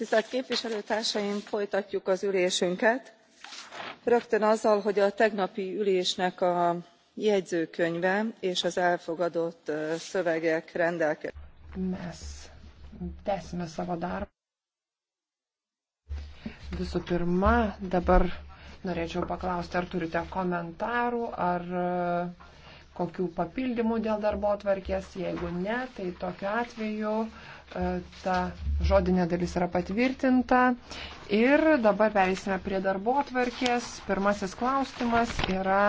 tisztelt képviselőtársaim folytatjuk az ülésünket rögtön azzal hogy a tegnapi ülésnek a jegyzőkönyve és az elfogadott szövegek rendelkezésre. Visų pirma, dabar norėčiau paklausti, ar turite komentarų, ar kokių papildymų dėl darbo atvarkės. Jeigu ne, tai tokiu atveju uh, E, ta žodinė dalis yra patvirtinta. Ir dabar perėsime prie darbo atvarkės. Pirmasis klausimas yra